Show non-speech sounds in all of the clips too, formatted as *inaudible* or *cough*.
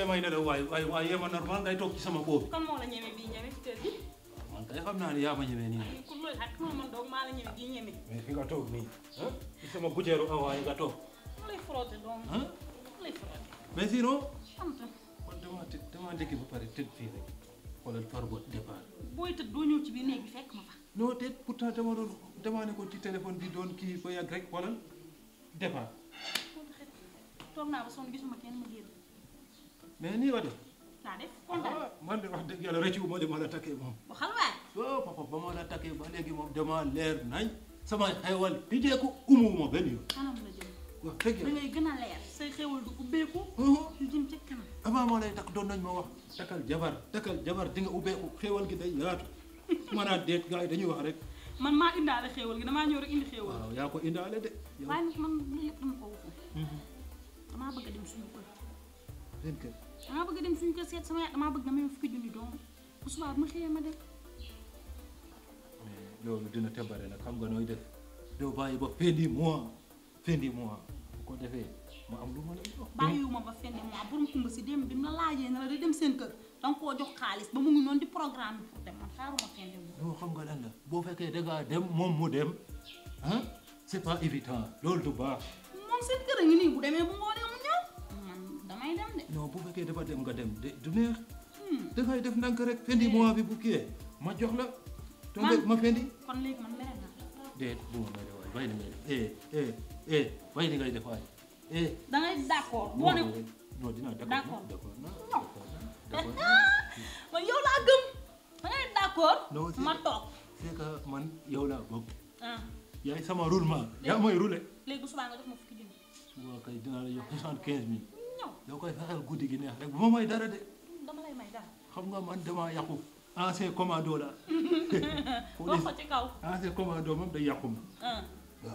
fekkee may nelaw waaye waaye waaye yéema normal ngay toog ci sama boobu. kon moo la ñeme bii ñeme ci kër gi. man kay xam naa ni yaa ma ñeme nii. ku loolu ak mais fi nga toog nii ah ci sama butéeru awa yi nga toog. mu lay mais sinon. sant. kon damaa tëdd par boot départ. booy tëdd doo ñëw ci fekk ma fa. non te pourtant dama doon demandé ko ci téléphone bi doon kii ba yàgg rek xoolal départ. toog naa ba sonn gisuma kenn ma génn. mais nii wa ah, man de wax dëgg yàlla rëccu ma de ma la takkee moom. waxal waay. oh papa ba ma la takkee ba léegi moom dama leer nañ sama xewal tijjee ko umu ma benn yoon. gën a leer. say xewal du ubbeeku. ñu uh-huh. jëm ca kanam. avant moo lay takk doon nañ ma wax. takkal jabar takkal jabar di nga ubbeeku xewal gi day yaatu. *laughs* maanaam déet gars yi dañuy wax rek. man maa indaale xéewal gi damaa ñëw rek indi xéewal. waaw yaa ko indaale de. man lépp dama ko waxoon. Mhm. damaa bëgg a dem damaa bëgg dem suñu kër seet sama yaay damaa bëgg nga may fukki junni doom bu subaa ma xëyee ma dem. mais loolu dina te nag xam nga nooy def doo bàyyi ba fin du mois fin bu ko defee ma am lu ma si dem bi mu laajee na la dem seen kër danga koo jox xaalis ba mu ngi noonu di programme pour dem man xaaruma fin nga boo fekkee da moom mu dem ah c'est pas évident loolu du baax. moom seen kër a ngi nii bu demee bu ngoonee. bu fekkee dafa dem nga dem de du neex. Hmm. dafay def ndànk rek fendi eh. mois bi bu kiiwee ma jox la. man ma fendi kon man bu ma mere waay bàyyi li ngay def man yow laa gëm da ngay d' ma toog c' est que man yow laa bëgg. Ah. yaay sama roulement. yaa may roulé. léegi bu subaa nga jox ma fukki junni. subaa kay dinaa ñëw. fexeel guddi gi neex rek bu ma may dara de. xam nga man damaa yàqu. ancien commando la. wax ko ci kaw. ancien commando moom na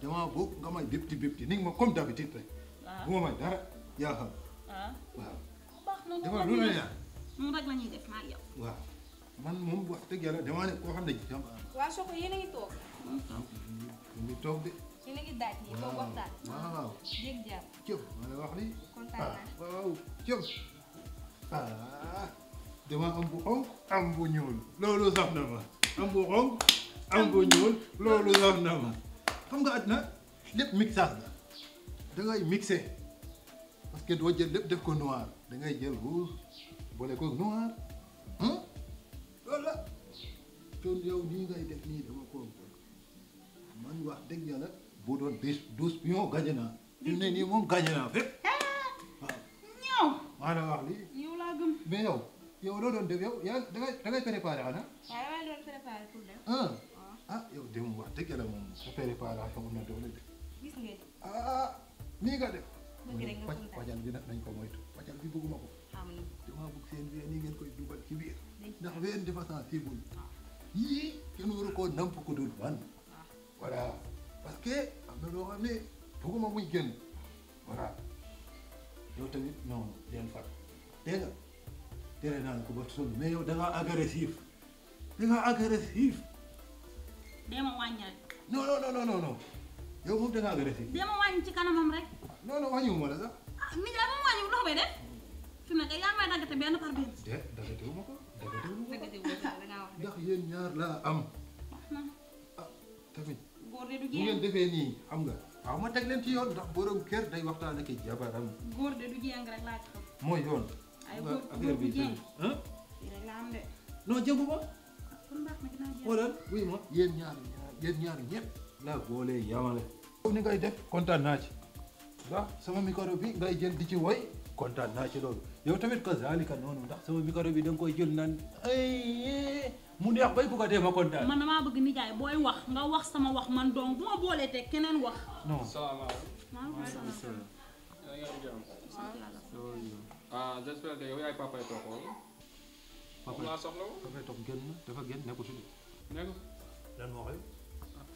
damaa bëgg nga may bépti bépti ni nga ma comme d'habitude rek. bu ma may dara yaa xam. waaw. baax na dama lu la neex. moom rek la ñuy def maa yow. waaw man moom wax dëgg yàlla damaa ne koo xam ne. waa Sokone yéen a ngi toog. ñu ngi toog de. yéen ngi daaj. waaw waaw toog waxtaan. jéeg jàpp. wax lii. kontaan ah, naa waaw jëm. Ah, dama am bu xonk am bu ñuul loolu saf ma am bu xonk am bu ñuul loolu saf ma xam nga àddina lépp mixage la da ngay mixé que doo jël lépp def ko noir da ngay jël rouge boole ko noir hmm? loolu la yow nii ngay def nii dama ko man wax dëgg yàlla boo doon douze douze pions gañe naa ñu ne nii moom gaañ naa fépp. ñëw. maa la wax lii. yow laa gëm. mais yow yow loo doon def yow yaa da ngay da ngay préparé xanaa. waaw damay doon préparé pour dem. ah yow dem wax dëgg la moom sa préparation eh. ah, am na doole de. gis ngeen. ah nii nga def. bëgg rek nga pajal bi nag nañ ko moytu pajal bi bëgguma ko. am na damaa bëgg seen ween nii ngeen koy dugal ci biir. ndax ween dafa sensible. yii kenn waru koo namp ko dul man. voilà parce que am na loo xam ne. bëgguma muy génn voilà yow tamit non den fat dégg nga tere naa la ko ba sonn mais yow da ngaa agressif da ngaa agressif. dee ma wàññi rek. non non non non non yow moom da ngaa agressif. dee ma wàññi ci kanamam rek. non non wàññiwuma la sax. ah mi daal moom wàññiwul loxo bay def fi mu ne yaa may par benn. de daggatewuma ko daggatewuma ko ndax yéen ñaar laa am. ah tamit. góor de du jeex bu ngeen defee nii xam nga. waaw ma teg leen ci yoon ndax borom kër day waxtaan ak jabaram. góor de du jéng rek laa ci mooy yoon. ay góor góor bu jéng rek la am de. non jéngu ma. Ah, xoolal wuy ñaar yéen ñaar ñëpp laa boole yamale. foofu ni ngay def kontaan naa ci ndax sama micro bi ngay jël di ci woy kontaan naa ci loolu yow tamit kazaalika noonu ndax sama micro bi da koy jël naan ay mu neex bay bugg a dee ma kontaan. man damaa bëgg nijaay booy wax nga wax sama wax man donc bu ma boolee te keneen wax. non salaamaaleykum. ah j'espère que yow yaay papa yi toog papa laa soxla woo. dafay toog dafa génn nekkul si. nekkul. lan moo koy.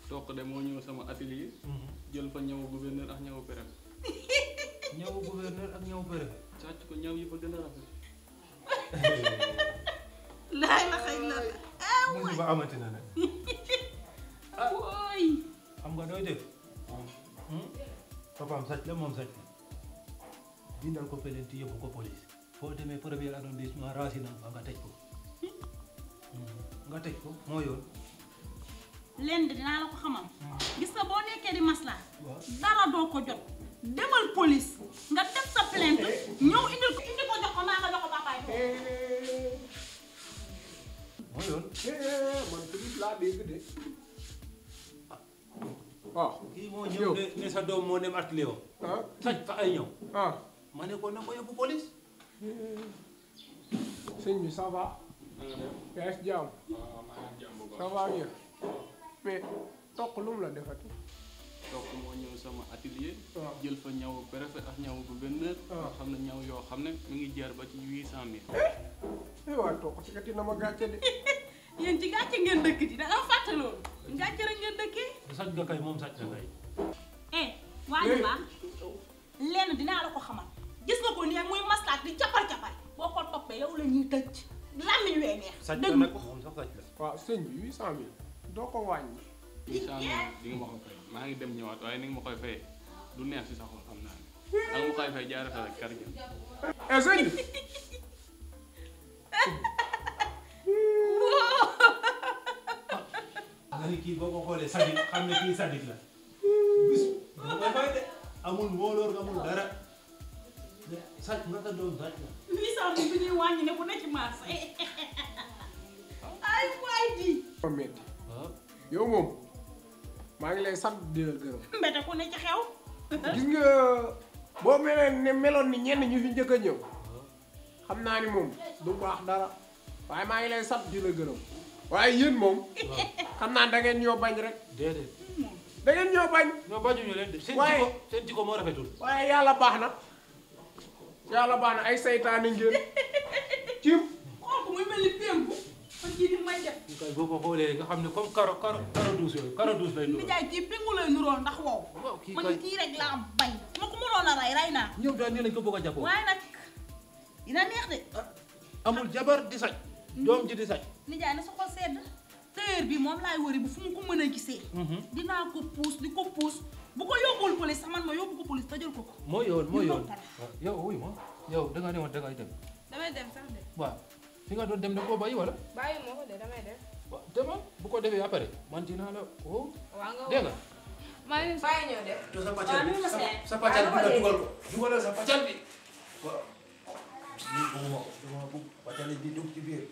Ah, de moo ñëw sama atelier. Mhm. jël fa ñawu gouverneur ak ñawu péré. *laughs* ñawu gouverneur ak ñawu péré. càcc ko ñaw yi fa gën a rafet. sëñ ba amati na nag. *laughs* ah xam nga dooy def. Ah. Hmm? papaam sàcc la moom sàcc dindal ko pelenti yóbbu ko police. foo demee premier arrondissement rasinam ba nga tëj ko. Hmm. nga tëj ko moo yoon. lenn dinaa la ko xamal. Hmm. gis nga boo nekkee di maslaa. dara doo ko jot. demal police. nga def sa plainte eh. ñëw indil ko indi ko jox ko maa ko jox ko papaay mu yoon eh, eh, eh, man tamit laa dégg de waaw kii moo ñëw ne sa doom moo dem atelier wam ah. toj fa ay ñëw ah. ma ne na ko yóbbu police sëñ bi ça va si jàmm ça va mais toq lu la defati toq moo ñëw sama atelier ah. jël fa ñaw préfet ak ñaw gouverneur xam ne ñaw yoo xam ne mu ngi jaar ba ci huit cent Eh, waaw toog ci kat dina ma gàcce de. *laughs* yéen ci gàcce ngeen dëkk ci da nga fàtte loolu. gàcce rek ngeen moom sàcc nga kay. eh waaye eh. baax dinaa la ko xamal gis nga ko nii ak muy maslaat di capar boo ko toppee yow la ñuy tëj làmmiñ wee neex. sàcc la nag moom sax sàcc la. ko wàññi. huit maa ngi dem ñëwaat waaye ni nga ma koy fayee du si sa xol xam naa ne. Eh. ak mu koy fay jaarata rek kàr gi. eh *laughs* ni kii boo ko xoolee sadik xam ne kii sadik la bis dara mais sàcc naka ku ne ci yow moom maa ngi lay sant di la gërëm. mbete ku ne xew. gis nga boo meloon meloon ni ñenn ñu fi njëkk a ñëw xam naa ni moom du baax dara waaye maa ngi lay sant di la gërëm. waaye yéen moom. xam naa da ngeen ñoo bañ rek. déedéet. da ngeen ñoo bañ. ñoo bañuñu leen de seen jikko seen jikko moo rafetul. waaye yàlla baax na. yàlla baax na ay saytaane ngeen. cim. xool ko muy mel ni penku. kon kii ni boo ko xoolee nga xam ne comme karo karo karo douce yooyu karo douce lay nuroo. nijaay kii penku lay wow. man kii rek laa bañ. ma ko mënoon a rey rey naa. ñëw daal nii lañ ko bëgg a jàppoo. waaye nag dina neex de. amul jabar di sañ. Hmm. doom ji di nijaay na su ko sedd tëyër bi moom laay wëri bu fu mu ko mën a gisee. Mhm. dinaa ko puus di ko puus bu ko yóbbul police sax man ma yóbbu ko police tajul ko ko. mooy yoon moo yoon ah, yow wuy ma yow da ngaa demoon da ngay dem. damay dem sax waaw fi nga doon dem da nga koo bàyyi wala. bàyyi moo ko de damay dem. waaw dama bu ko defee après man dinaa la woo. waaw nga woo dégg nga. maa ngi bàyyi ñëw de. sa pàccal bi sa pàccal bi nga dugal ko. sa pàccal bi waaw. lii bëgguma ko bëgguma ko bi ci biir.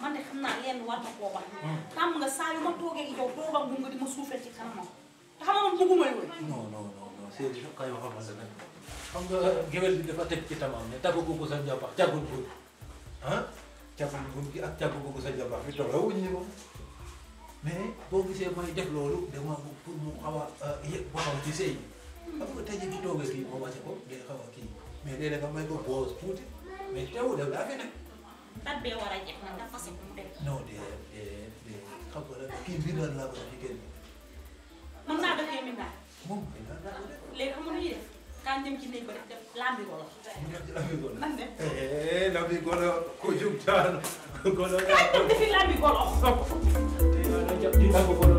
man de xam naa lenn war na koo ah. nga saa yu ma toogee yow doogam bu nga di ma suufee ci kanamam te xam nga man bëgguma yooyu. non non non non Seydou Diop kay waxoon na dëgg xam nga euh, géwél bi dafa teg ci tamam ne tàggu ko sa jabar jàggul buur ah jàggul buur gi ak jàggu ko sa jabar ni moom mais boo gisee may def loolu dama bëgg mu xaw a euh, yëg boppam ci sëy xam nga tey jii bu toogee kii boo wàcce ko day xaw a kii mais léeg-léeg nga date bee war a jeex nag dafa set mu dem. non déedéet déedéet déedéet xam nga nag kii mbir laa ko jigéen ñi. mën naa dëkkee mi naa. moom mi naa daa ko def. léegi xam nga nu ñuy def kan dem ci néeg ba def lambi golo. mu def ci lambi golo. nan de. eh, eh lambi golo ko